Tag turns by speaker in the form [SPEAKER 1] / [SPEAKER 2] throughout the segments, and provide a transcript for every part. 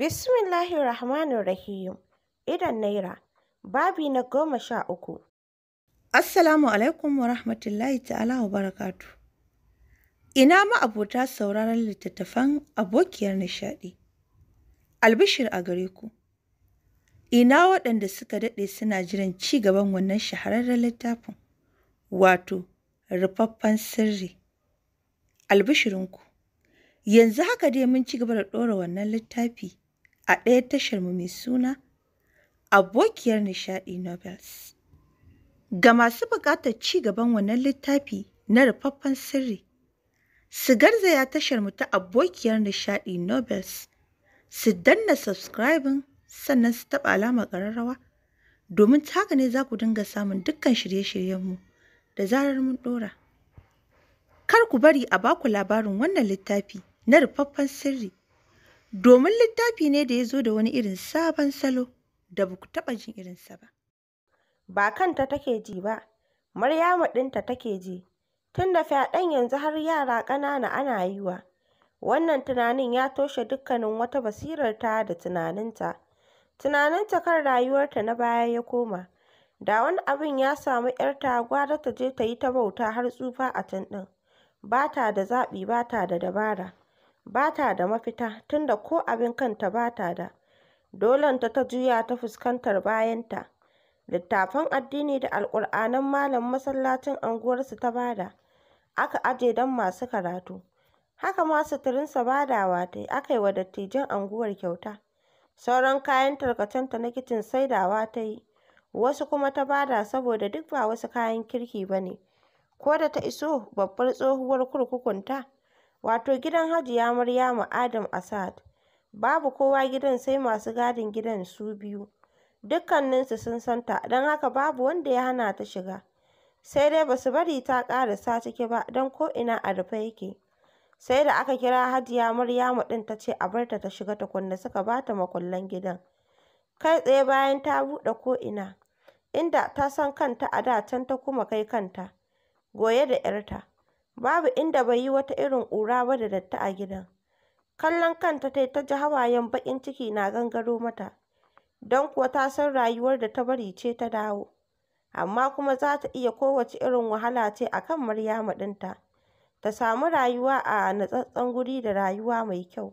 [SPEAKER 1] Bismillahir Rahmanir Rahim. Idan Naira, babi
[SPEAKER 2] na goma sha uku. Assalamu alaikum wa rahmatullahi ta'ala wa barakatu. Ina ma'abota sauraron littattafan abokiyar nishaɗi. Albishir a gare ku. Ina waɗanda suka daɗe suna jiran ci gaban wannan shahararren littafin, wato, rufaffen sirri. Albishirinku, yanzu haka dai mun ci gaba da ɗora wannan littafi. a ɗaya tashar mu mai suna Abokiyar Nishaɗi Novels. Ga masu buƙatar ci gaban wannan littafi na rufaffen sirri, su tashar mu ta Abokiyar Nishaɗi Novels, su danna subscribing sannan su taɓa alama ƙararrawa, domin ta haka ne za ku dinga samun dukkan shirye-shiryenmu da zarar mun ɗora. Kar ku bari a baku labarin wannan littafi na rufaffen sirri. domin littafi ne da ya zo da wani irin sabon salo da ba ku taɓa jin irinsa ba.
[SPEAKER 1] Ba kanta take ji ba, Maryamu ɗinta take ji, tun da fyaɗen yanzu har yara ƙanana ana yi wa. Wannan tunanin ya toshe dukkanin wata basirarta da tunaninta. Tunaninta kan rayuwarta na baya ya koma. Da wani abin ya samu ‘yarta gwara ta je ta yi ta bauta har tsufa a tun ɗin. Ba ta da zaɓi ba ta da dabara. ba ta da mafita tunda ko abin kanta ba ta da. Dolenta ta juya ta fuskantar bayanta. littafan addini da Alƙur'anan Malam masallacin unguwarsu ta bada, aka aje don masu karatu. Haka ma suturinsa badawa ta yi, aka yi wa dattijan unguwar kyauta. Sauran kayan tarkacenta na kicin saidawa ta yi, wasu kuma ta bada saboda duk ba wasu kayan kirki ba ne. Ko da ta iso babbar tsohuwar kurkukunta, wato gidan Hajiya Maryamu Adam Asad. Babu kowa gidan sai masu gadin gidan su biyu. Dukkaninsu sun san ta, don haka babu wanda ya hana ta shiga. Sai dai ba su bari ta ƙarasa ciki ba, don ko'ina a rufe yake. Sai da aka kira Hajiya Maryamu ɗin ta ce a barta ta ta shiga tukunna suka ba ta makullan gidan. Kai tsaye bayan ta buɗe ko'ina, inda ta san kanta a da can ta kuma kai kanta, goye da 'yarta. Babu inda bai yi wata irin ƙura ba da datti a gidan. Kallon kanta tai ta ji hawayen baƙin ciki na gangaro mata, don kuwa ta san rayuwar da ta bari ce ta dawo, amma kuma za ta iya kowace irin wahala ce a kan Maryama ɗinta, ta samu rayuwa a natsattsen guri da rayuwa mai kyau.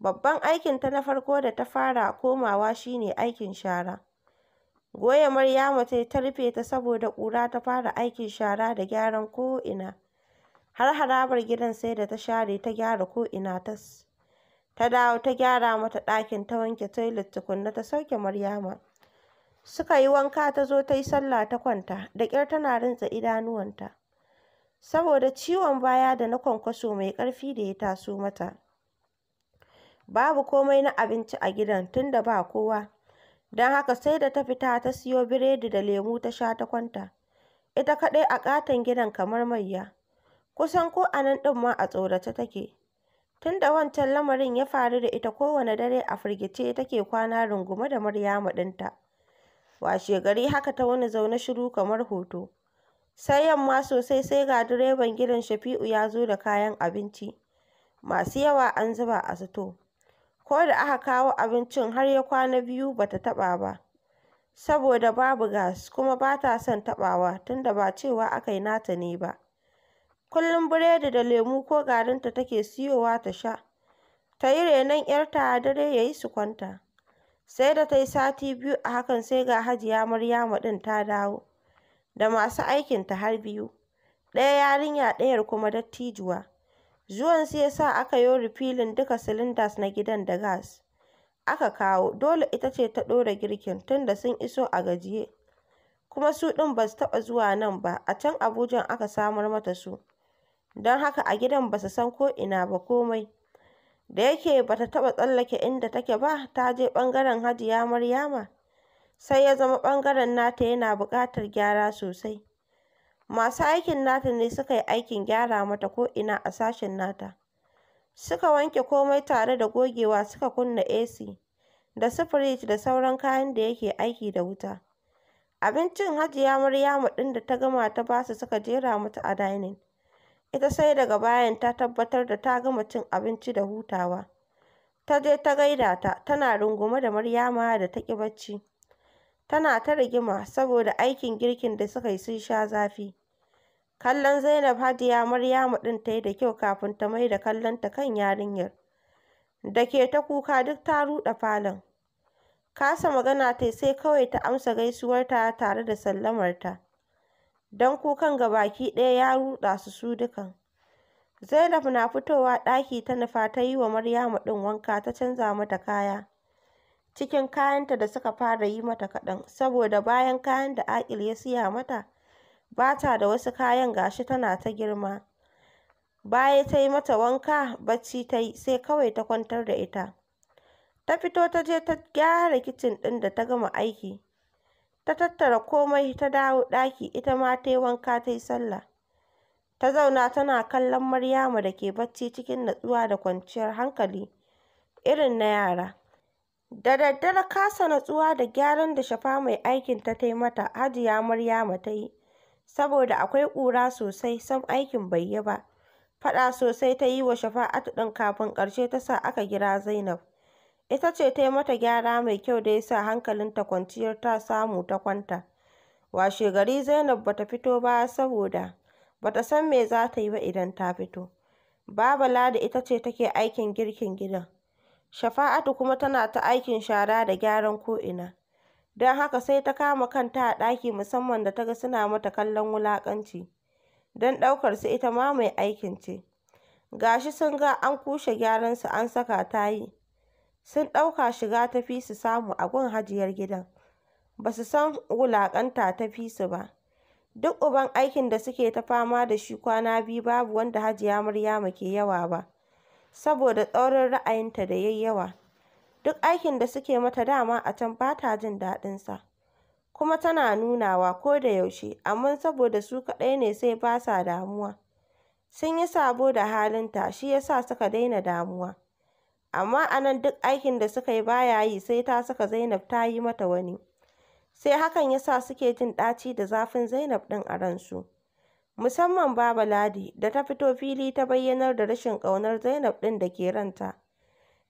[SPEAKER 1] Babban aikinta na farko da ta fara komawa shi ne aikin shara. Goya Maryama ta ta rufe ta saboda ƙura ta fara aikin shara da gyaran ko'ina. Har harabar gidan sai da ta share ta gyara ko'ina ta dawo ta gyara mata ɗakin ta wanke toilet tukunna ta sauke Maryama. Suka yi wanka ta zo ta yi sallah ta kwanta da ƙyar tana rintsa idanuwanta. Saboda ciwon baya da na kwankwaso mai ƙarfi da ya taso mata. Babu komai na abinci a gidan tunda ba kowa. Don haka sai da ta fita ta siyo biredi da lemu ta sha ta kwanta. Ita kaɗai a ƙaton gidan kamar mayya. Kusan ko a nan ɗin ma a tsorace take. Tun da wancan lamarin ya faru da ita kowane dare a firgice take kwana rungume da Maryamu ɗinta. gari haka ta wani zaune shiru kamar hoto. Sai yamma sosai sai ga direban gidan Shafi'u ya zo da kayan abinci. Masu yawa an zuba a sito. Ko da aka kawo abincin har ya kwana biyu ba ta taɓa ba. Saboda babu gas kuma ba ta son taɓawa tunda ba cewa aka yi nata ne ba. Kullum biredi da lemu ko garinta take siyowa ta sha, ta yi renon 'yarta dare ya yi su kwanta. Sai da ta yi sati biyu a hakan sai ga Hajiya maryama ɗin ta dawo, da masu aikin ta har biyu, ɗaya yarinya ɗayar kuma dattijuwa. Zuwansu ya sa aka yo rifilin duka silindas na gidan da gas. Aka kawo, dole ita ce ta ɗora girkin tunda sun iso a gajiye. Kuma su ɗin ba su taɓa zuwa nan ba, a can Abujan aka samar mata su. don haka a gidan ba su san ko ina ba komai da yake ba ta taɓa tsallake inda take ba ta je ɓangaren hajiya maryama sai ya zama ɓangaren nata yana buƙatar gyara sosai masu aikin nata ne suka yi aikin gyara mata ko'ina a sashen nata suka wanke komai tare da gogewa suka kunna AC da su firij da sauran kayan da yake aiki da wuta abincin hajiya maryama ɗin da ta gama ta basu suka jera mata a dining Ita sai daga bayan ta tabbatar da ta gama cin abinci da hutawa. Ta je ta gaida ta, tana rungume da Maryama da ta ƙi barci. Tana ta rigima saboda aikin girkin da suka yi sun sha zafi. Kallon Zainab Hajiya maryama ɗin ta yi da kyau kafin ta mai da kallon ta kan yarinyar. Da ke ta kuka duk ta ruɗe falon. Kasa magana ta sai kawai ta amsa gaisuwarta tare da sallamarta. don kukan ga baki ɗaya ya ruɗa su su dukan. Zainab na fitowa ɗaki ta nufa ta yi wa Maryamu ɗin wanka ta canza mata kaya. Cikin kayanta da suka fara yi mata kaɗan, saboda bayan kayan da Aƙil ya siya mata, ba ta da wasu kayan gashi tana ta girma. Baya ta yi mata wanka, bacci ta yi, sai kawai ta kwantar da ita. Ta fito ta je ta gyara kicin ɗin da ta gama aiki. ta tattara komai ta dawo ɗaki ita ma ta yi wanka ta yi sallah ta zauna tana kallon Maryamu da ke bacci cikin natsuwa da kwanciyar hankali irin na yara da daddare kasa natsuwa da gyaran da shafa mai aikin ta ta yi mata hajiya Maryamu ta yi saboda akwai ƙura sosai sam aikin bai yi ba faɗa sosai ta yi wa shafa'atu ɗin kafin ƙarshe ta sa aka gira Zainab Ita ce ta yi mata gyara mai kyau da ya sa hankalinta kwanciyar ta samu ta kwanta. gari Zainab ba ta fito ba saboda ba ta san me za ta yi ba idan ta fito. Baba Lada ita ce take aikin girkin gidan. Shafa'atu kuma tana ta aikin shara da gyaran ko'ina. Don haka sai ta kama kanta a ɗaki musamman da ta ga suna mata kallon wulaƙanci. Don ɗaukar su ita ma mai aikin ce. gashi sun ga an kushe gyaran su an saka ta yi. sun ɗauka shiga ta su samu a gun hajiyar gidan ba su san wulaƙanta ta su ba duk uban aikin da suke ta fama da shi kwana biyu babu wanda hajiya Maryama ke yawa ba saboda tsaurin ra'ayinta da yayi yawa duk aikin da suke mata dama a can ba ta jin daɗinsa kuma tana nunawa ko da yaushe amma saboda su kaɗai ne sai ba sa damuwa sun yi sabo da halinta shi yasa suka daina damuwa amma a nan duk aikin da suka yi ba ya yi sai ta saka Zainab ta yi mata wani. Sai hakan ya sa suke jin ɗaci da zafin Zainab ɗin a ransu. Musamman Baba Ladi da ta fito fili ta bayyanar da rashin ƙaunar Zainab ɗin da ke ranta.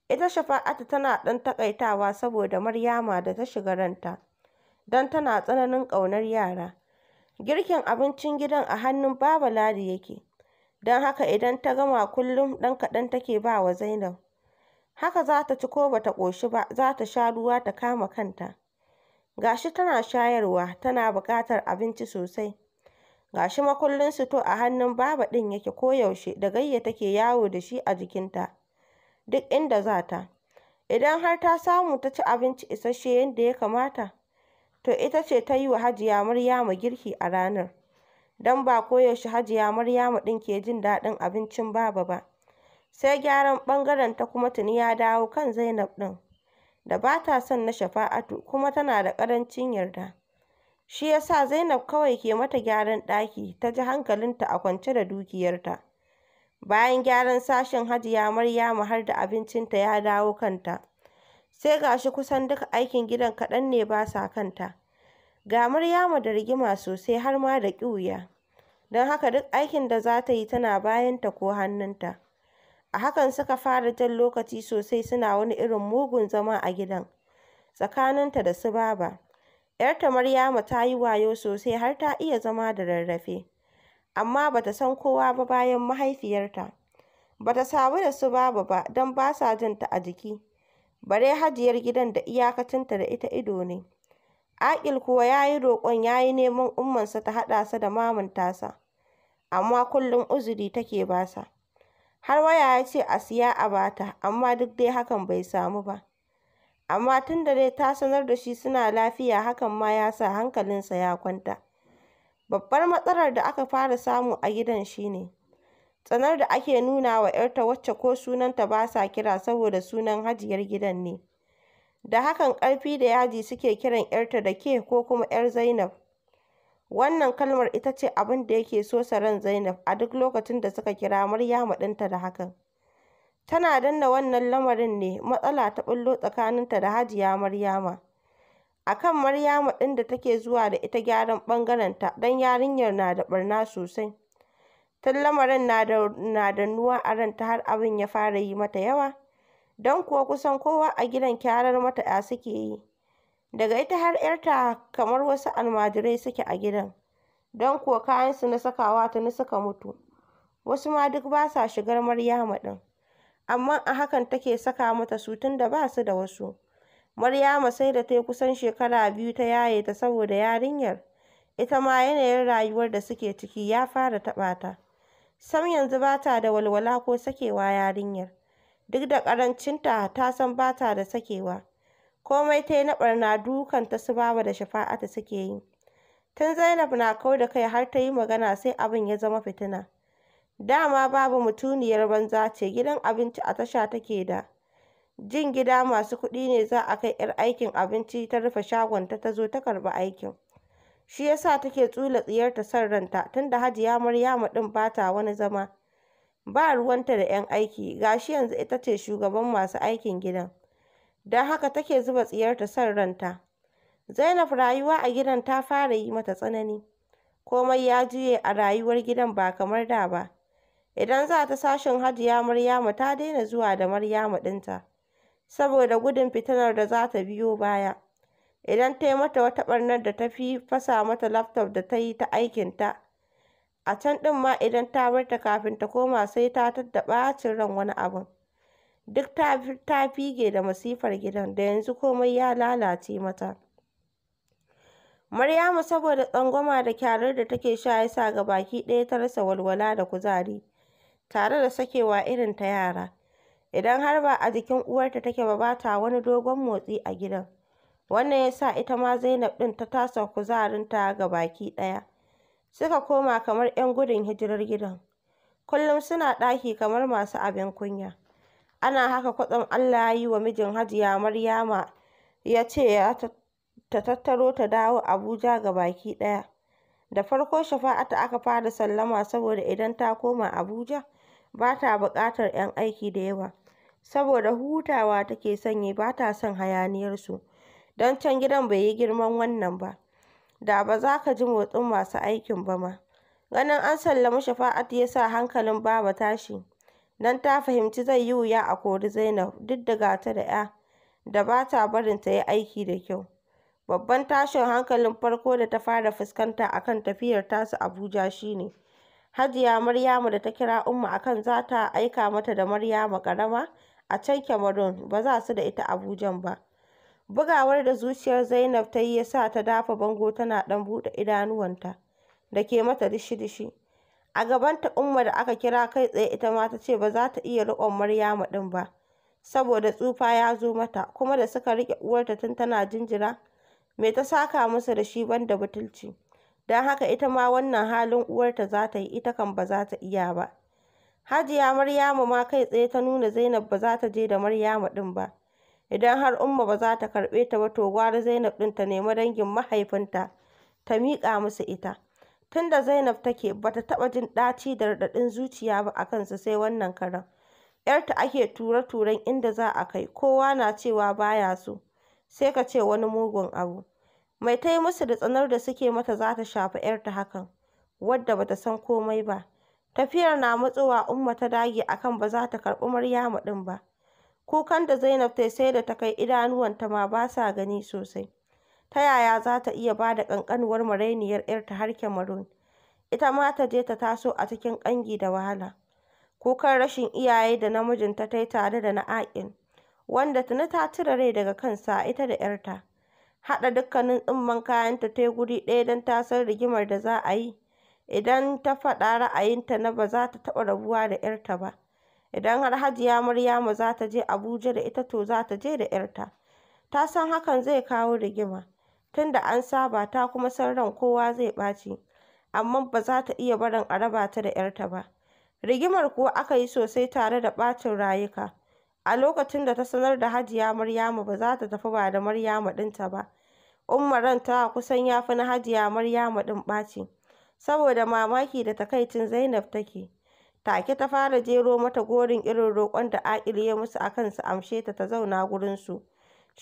[SPEAKER 1] Ita Shafa'atu tana ɗan taƙaitawa saboda Maryama da ta shiga ranta, don tana tsananin ƙaunar yara. Girkin abincin gidan a hannun Baba Ladi yake, don haka idan ta gama kullum ɗan kaɗan take ba wa Zainab. Haka za ta ci ko ba ta ƙoshi ba, za ta sha ruwa ta kama kanta. Ga shi tana shayarwa, tana buƙatar abinci sosai. Ga shi makullin sito a hannun Baba ɗin yake ko yaushe da gayya take yawo da shi a jikinta, duk inda za ta. Idan har ta samu ta ci abinci isasshe yadda ya kamata, to ita ce ta yi wa Hajiya Maryamu girki a ranar. Don ba koyaushe Hajiya Maryamu ɗin ke jin daɗin abincin Baba ba. sai gyaran ɓangaren ta kuma tuni ya dawo kan Zainab ɗin da ba ta son na Shafa'atu kuma tana da ƙarancin yarda. Shi ya sa Zainab kawai ke mata gyaran ɗaki ta ji hankalinta a kwance da dukiyarta. Bayan gyaran sashen Hajiya Maryamu har da abincinta ya dawo kanta. Sai ga shi kusan duka aikin gidan kaɗan ne ba sa kanta. Ga Maryamu da rigima sosai har ma da ƙiwuya. Don haka duk aikin da za ta yi tana bayanta ko hannunta. A hakan suka fara jan lokaci sosai suna wani irin mugun zama a gidan, tsakaninta da su Baba. 'Yarta Maryama ta yi wayo sosai har ta iya zama da rarrafe, amma ba ta san kowa ba bayan mahaifiyarta. Ba ta da su Baba ba don ba sa jin ta a jiki, bare Hajiyar gidan da iyakacinta da ita ido ne. Aƙil kuwa ya yi roƙon ya yi neman Ummansa ta haɗa sa da Mamun tasa, amma kullum uzuri take ba sa. har waya ya ce a siya a bata, amma duk dai hakan bai samu ba. Amma tun da dai ta sanar da shi suna lafiya hakan ma ya sa hankalinsa ya kwanta. Babbar matsalar da aka fara samu a gidan shi ne, tsanar da ake nuna wa 'yarta wacce ko sunanta ba sa kira saboda sunan hajiyar gidan ne. Da hakan ƙarfi da yaji suke kiran 'yarta da ke ko kuma 'yar Zainab. Wannan kalmar ita ce abin da yake so ran Zainab a duk lokacin da suka kira maryama ɗinta da hakan. Tana danna wannan lamarin ne matsala ta ɓullo tsakaninta da Hajiya Maryama. A kan Maryama ɗin da take zuwa da ita gyaran ɓangarenta don yarinyar na da ɓarna sosai. Tun lamarin na da nuwa a ranta har abin ya fara yi mata yawa, don kuwa kusan kowa a gidan kyarar mata 'ya suke yi. daga ita har 'yarta kamar wasu almajirai suke a gidan don kuwa kayansu na sakawa tuni suka mutu wasu ma duk ba sa shigar Maryama ɗin amma a hakan take saka mata su da ba su da wasu Maryama sai da ta yi kusan shekara biyu ta yaye ta saboda yarinyar ita ma yanayin rayuwar da suke ciki ya fara taɓa ta sam yanzu ba ta da walwala ko sakewa yarinyar duk da ƙarancinta ta san ba ta da sakewa komai ta yi na ɓarna dukanta su Baba da shafa'ata suke yi. Tun Zainab na kau da kai har ta yi magana sai abin ya zama fitina. Dama babu mutuniyar banza ce gidan abinci a tasha take da. Jin gida masu kuɗi ne za a kai 'yar aikin abinci ta rufe shagonta ta zo ta karɓi aikin. Shi yasa take tsula tsiyarta son ranta tunda Hajiya Maryamu ɗin ba ta wani zama. Ba ruwanta da 'yan aiki gashi yanzu ita ce shugaban masu aikin gidan. don haka take zuba tsiyarta son ranta. Zainab rayuwa a gidan ta fara yi mata tsanani. Komai ya juye a rayuwar gidan ba kamar da ba. Idan za ta sashin Hajiya Maryamu ta daina zuwa da Maryamu ɗinta, saboda gudun fitinar da za ta biyo baya. Idan ta yi mata wata ɓarnar da ta fi fasa mata laftof da ta yi ta aikinta, a can ɗin ma idan ta bar ta kafin ta koma sai ta tattaɓa ɓacin ran wani abun Duk ta fige da masifar gidan da yanzu komai ya lalace mata. Maryamu saboda tsangwama da kyarar da take sha yasa ga baki ɗaya ta rasa walwala da kuzari, tare da sakewa irin ta yara. Idan har ba a jikin uwarta take ba ba ta wani dogon motsi a gidan. Wannan ya sa ita ma Zainab ɗin ta tasa kuzarinta ga baki ɗaya. Suka koma kamar 'yan gudun hijirar gidan. Kullum suna ɗaki kamar masu abin kunya. ana haka kwatsam Allah ya yi wa mijin Hajiya Maryama ya ce ta tattaro ta dawo Abuja ga baki ɗaya. Da farko Shafa'atu aka fara sallama saboda idan ta koma Abuja ba ta buƙatar 'yan aiki da yawa. Saboda hutawa take son yi ba ta son hayaniyarsu. Don can gidan bai yi girman wannan ba. Da ba za ka ji motsin masu aikin ba ma. Ganin an sallami Shafa'atu ya sa hankalin Baba tashi. Nan ta fahimci zai yi wuya a kori Zainab duk da gata da 'ya da ba ta barin ta yi aiki da kyau. Babban tashin hankalin farko da ta fara fuskanta a kan tafiyar tasu Abuja shi ne Hajiya Maryamu da ta kira Umma a kan za ta aika mata da Maryamu ƙarama a can Cameroon ba za su da ita Abujan ba. Bugawar da zuciyar Zainab ta yi ya sa ta dafa bango tana ɗan buɗe idanuwanta da ke mata dishi-dishi. A gabanta Umma da aka kira kai tsaye ita ma ta ce ba za ta iya riƙon Maryamu ɗin ba saboda tsufa ya zo mata kuma da suka riƙe uwarta tun tana jinjira me ta saka musu da shi banda butulci. Don haka ita ma wannan halin uwarta za ta yi ita kan ba za ta iya ba. Hajiya Maryamu ma kai tsaye ta nuna Zainab ba za ta je da Maryamu ɗin ba. Idan har Umma ba za ta karɓe ta ba to gwara Zainab ɗin ta nemi dangin mahaifinta ta miƙa musu ita. Tun da Zainab take ba ta taɓa jin ɗaci da raɗaɗin zuciya ba a kansa sai wannan karen 'Yarta ake tura-turan inda za a kai, kowa na cewa baya so, sai ka ce wani mugun abu. Mai ta yi musu da tsanar da suke mata za ta shafi 'yarta hakan, wadda ba ta san komai ba. Tafiyar na matsowa Umma ta dage akan kan ba za ta karɓi Maryamu ɗin ba. Kukan da Zainab ta sai da ta kai idanuwanta ma ba sa gani sosai. Ta yaya za ta iya ba da ƙanƙanuwar marainiyar 'yarta har Cameroon, ita ma ta je ta taso a cikin ƙangi da wahala? Kukan rashin iyaye da na mijinta ta yi tare da na Aqil, wanda tuni ta cire rai daga kansa ita da 'yarta. Haɗa dukkanin tsumman kayanta ta yi guri ɗaya don ta san rigimar da za a yi idan ta faɗa ra'ayinta na ba za ta taɓa rabuwa da 'yarta ba. Idan har Hajiya Maryamu za ta je Abuja da ita to za ta je da 'yarta. Ta san hakan zai kawo rigima. Tun da an saba ta kuma san ran kowa zai ɓaci, amma ba za ta iya barin a raba ta da 'yarta ba. Rigimar kuwa aka yi sosai tare da ɓacin rayuka. A lokacin da ta sanar da Hajiya Maryamu ba za ta tafi ba da Maryamu ɗinta ba, umaran ta kusan ya fi na Hajiya Maryamu ɗin ɓaci, saboda mamaki da takaicin Zainab take. Take ta fara jero mata gorin irin roƙon da Aƙil ya musu a kan su amshe ta ta zauna gurinsu.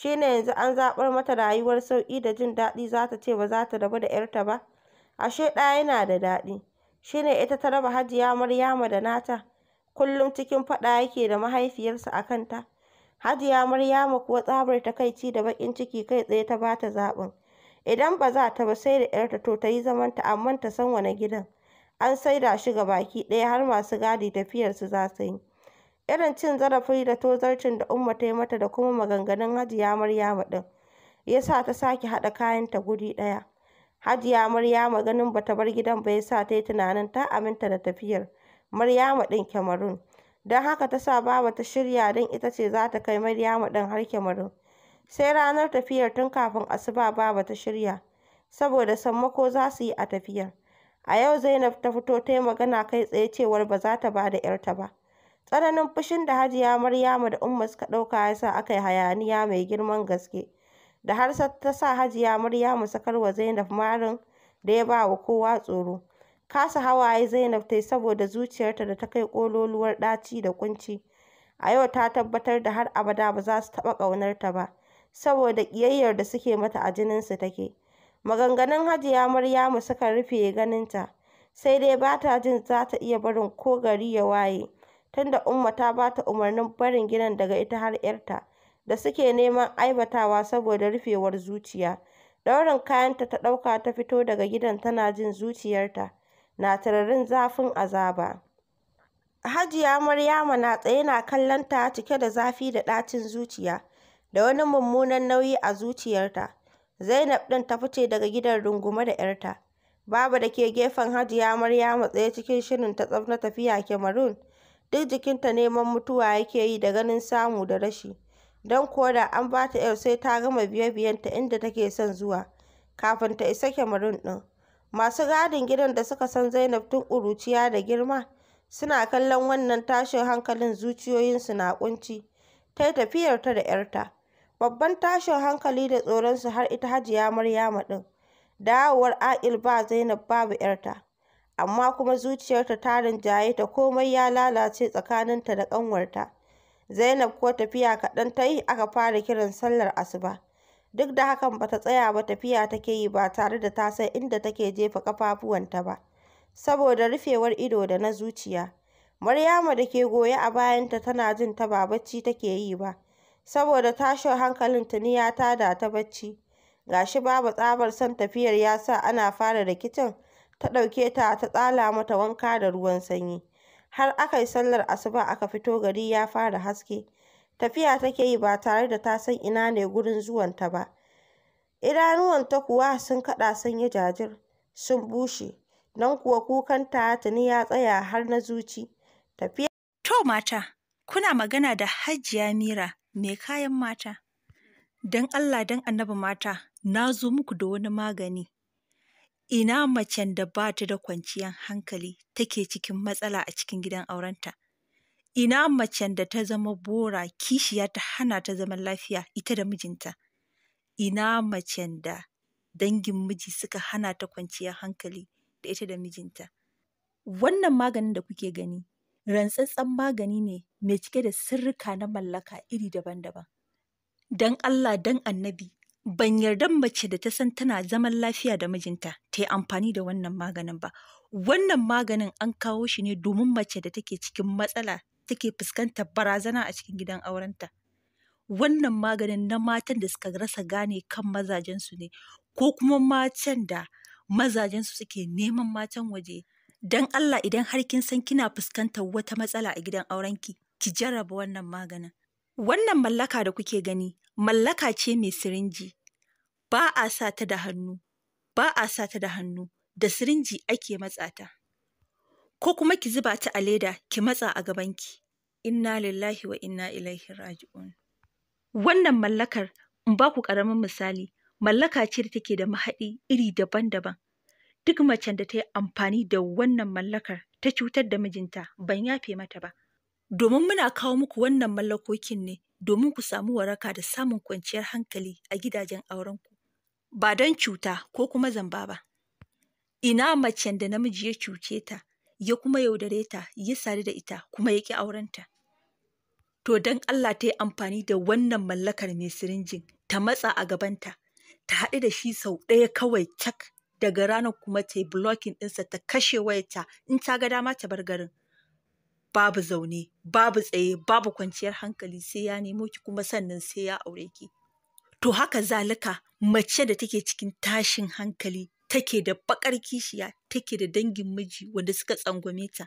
[SPEAKER 1] Shi ne yanzu an zaɓar mata rayuwar sauƙi da jin daɗi za ta ce ba za ta rabu da 'yarta ba. Ashe ɗa yana da daɗi. Shi ne ita ta raba Hajiya Maryama da nata. Kullum cikin faɗa yake da mahaifiyarsa a kanta. Hajiya Maryama kuwa tsabar takaici da baƙin ciki kai tsaye ta ba ta zaɓin. Idan ba za ta ba sai da 'yarta to ta yi zamanta amma ta san wane gidan. An saida shi ga baki ɗaya har masu gadi tafiyarsu za su yi. Irin cin zarafi da tozarcin da Umma ta yi mata da kuma maganganun Hajiya Maryama ɗin, ya sa ta sake haɗa kayanta guri ɗaya. Hajiya Maryama ganin ba ta bar gidan ba ya sa ta yi tunanin ta aminta da tafiyar Maryama ɗin Cameroon. Don haka ta sa Baba ta shirya don ita ce za ta kai Maryama ɗin har kyamarun. Sai ranar tafiyar tun kafin asuba Baba ta shirya, saboda sammako za su yi a tafiyar. A yau Zainab ta fito ta yi magana kai tsaye cewar ba za ta ba da 'yarta ba. Tsananin fushin da Hajiya Maryamu da Umma suka ɗauka ya sa aka yi hayaniya mai girman gaske da har ta sa Hajiya Maryamu wa Zainab marin da ya ba wa kowa tsoro. Kasa hawaye Zainab ta yi saboda zuciyarta da ta kai ƙololuwar ɗaci da ƙunci. A yau ta tabbatar da har abada ba za su taɓa ƙaunarta ba, saboda ƙiyayyar da suke mata a jininsu take. Maganganun Hajiya Maryamu suka rufe ganinta, sai dai ba ta jin za ta iya barin ko gari ya waye. tunda Umma ta ba ta umarnin barin ginin daga ita har 'yarta da suke neman aibatawa saboda rufewar zuciya. Daurin kayanta ta ɗauka ta fito daga gidan tana jin zuciyarta na tararin zafin azaba. Hajiya Maryama na tsaye na kallon ta cike da zafi da ɗacin zuciya da wani mummunan nauyi a zuciyarta. Zainab ɗin ta fice daga gidan rungume da 'yarta. babu da ke gefen Hajiya Maryama tsaye cikin shirin ta tsaf na tafiya Cameroon duk jikinta neman mutuwa yake yi da ganin samu da rashi don kuwa da an ba ta ‘yar sai ta gama biye-biyenta inda take son zuwa kafin ta isa kyamarin ɗin. Masu gadin gidan da suka san Zainab tun ƙuruciya da girma suna kallon wannan tashin hankalin zuciyoyinsu na ƙunci ta yi tafiyarta da ‘yarta. Babban tashin hankali da tsoronsu har ita Hajiya Maryama ɗin. Dawowar a'il ba Zainab babu ‘yarta. amma kuma zuciyarta ta rinjaye ta komai ya lalace tsakaninta da ƙanwarta. Zainab ko tafiya kaɗan ta yi aka fara kiran sallar asuba. Duk da hakan ba ta tsaya ba tafiya take yi ba tare da ta san inda take jefa ƙafafuwanta ba. Saboda rufewar ido da na zuciya. Maryama da ke goye a bayanta tana jin ta ba bacci take yi ba. Saboda tashin hankalin tuni ya tada ta bacci. Gashi babu tsabar son tafiyar ya sa ana fara rikicin ta ɗauke ta ta tsala mata wanka da ruwan sanyi har aka yi sallar asuba aka fito gari ya fara haske tafiya take yi ba tare da ta san ina ne gurin zuwanta ba idanuwanta kuwa sun kaɗa sanya jajir sun bushe don kuwa kukanta tuni ya tsaya har na zuci
[SPEAKER 2] tafiya to mata kuna magana da hajiya mira mai kayan mata don allah don annabi mata na zo muku da wani magani Ina macen da ba ta da kwanciyar hankali take cikin matsala a cikin gidan aurenta? Ina macen da ta zama bora kishiya ta hana ta zaman lafiya ita da mijinta? Ina macen da dangin miji suka hana ta kwanciyar hankali da ita da mijinta? Wannan maganin da kuke gani, rantsatsen magani ne mai cike da sirrika na mallaka iri daban-daban. Don Allah, don annabi, ban yarda mace da ta san tana zaman lafiya da mijinta ta yi amfani da wannan maganin ba wannan maganin an kawo shi ne domin mace da take cikin matsala take fuskantar barazana a cikin gidan aurenta wannan maganin na matan da suka rasa gane kan mazajensu ne ko kuma matan da mazajensu suke neman matan waje don allah idan har kin san kina fuskantar wata matsala a gidan aurenki ki jarraba wannan maganin wannan mallaka da kuke gani mallaka ce mai sirinji, ba a sa ta da hannu, ba a sa ta da hannu, da sirinji ake matsa ta. Ko kuma ki zuba ta a leda ki matsa a gabanki. Inna lillahi wa inna ilaihi raji'un. Wannan mallakar, in ba ku ƙaramin misali, mallaka ce da take da mahadi iri daban-daban. Duk macen da ta yi amfani da wannan mallakar ta cutar da mijinta ban yafe mata ba. domin muna kawo muku wannan mallakokin ne domin ku samu waraka da samun kwanciyar hankali a gidajen aurenku, ba don cuta ko kuma zamba ba. Ina macen da namiji ya cuce ta, ya kuma yaudare ta, ya sadu da ita, kuma ya ƙi aurenta. To don Allah ta yi amfani da wannan mallakar mai sirinjin, ta matsa a gabanta, ta haɗu da shi sau ɗaya kawai cak daga ranar kuma ta yi blocking ɗinsa ta kashe wayarta in ta ga dama ta bar garin. babu zaune babu tsaye babu kwanciyar hankali sai ya nemo ki kuma sannan sai ya aure ki to haka zalika mace da take cikin tashin hankali take da bakar kishiya take da dangin miji wanda suka tsangwame ta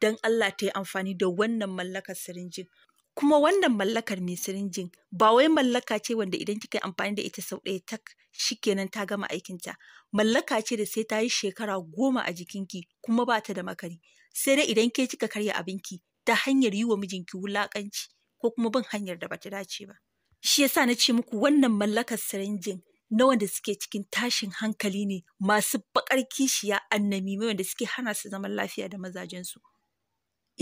[SPEAKER 2] don Allah ta yi amfani da wannan mallakar sirinjin kuma wannan mallakar mai sirinjin ba wai mallaka ce wanda idan kika yi amfani da ita sau ɗaya tak shikenan ta gama aikinta mallaka ce da sai ta yi shekara goma a jikinki kuma ba ta da makari sai dai idan ke kika karya abinki ta hanyar yi wa mijinki wulaƙanci ko kuma bin hanyar da bata dace ba shi yasa na ce muku wannan mallakar sirinjin na wanda suke cikin tashin hankali ne masu baƙar kishiya annami wanda suke hana su zaman lafiya da mazajensu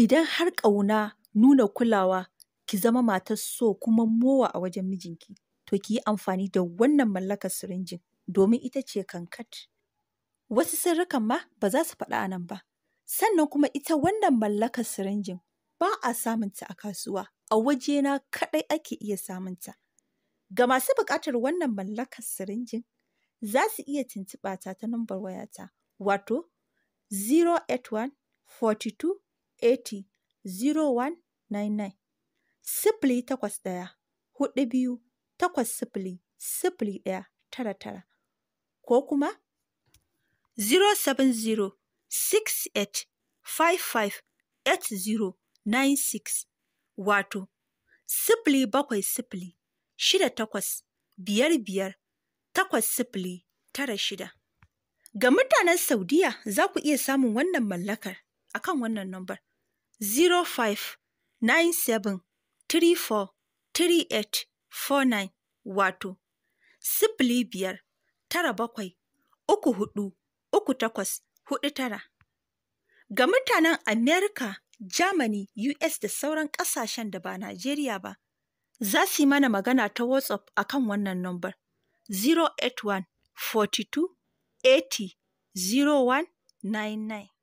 [SPEAKER 2] idan har ƙauna nuna kulawa ki zama matar so kuma mowa a wajen mijinki, to ki yi amfani da wannan mallakar sirinjin domin ita ce kankat. Wasu sirrikan ma ba za su faɗa a nan ba. Sannan kuma ita wannan mallakar sirinjin ba a samunta a kasuwa, a wajena kaɗai ake iya samunta. Ga masu buƙatar wannan mallakar sirinjin, za su iya tuntuɓa ta ta nambar wayata, wato 081 42 80 0199. sifili takwas ɗaya huɗu biyu takwas sifili sifili ɗaya tara tara ko kuma eight zero nine six wato sifili bakwai sifili shida takwas biyar biyar takwas sifili tara shida. Ga mutanen Saudiya za ku iya samun wannan mallakar akan wannan nambar seven 343849 wato, sifili biyar tara bakwai uku hudu uku takwas hudu tara. Ga mutanen Amerika, Germany, US da sauran ƙasashen da ba Najeriya ba, za su yi mana magana ta WhatsApp a kan wannan nambar 081 42 80 0199.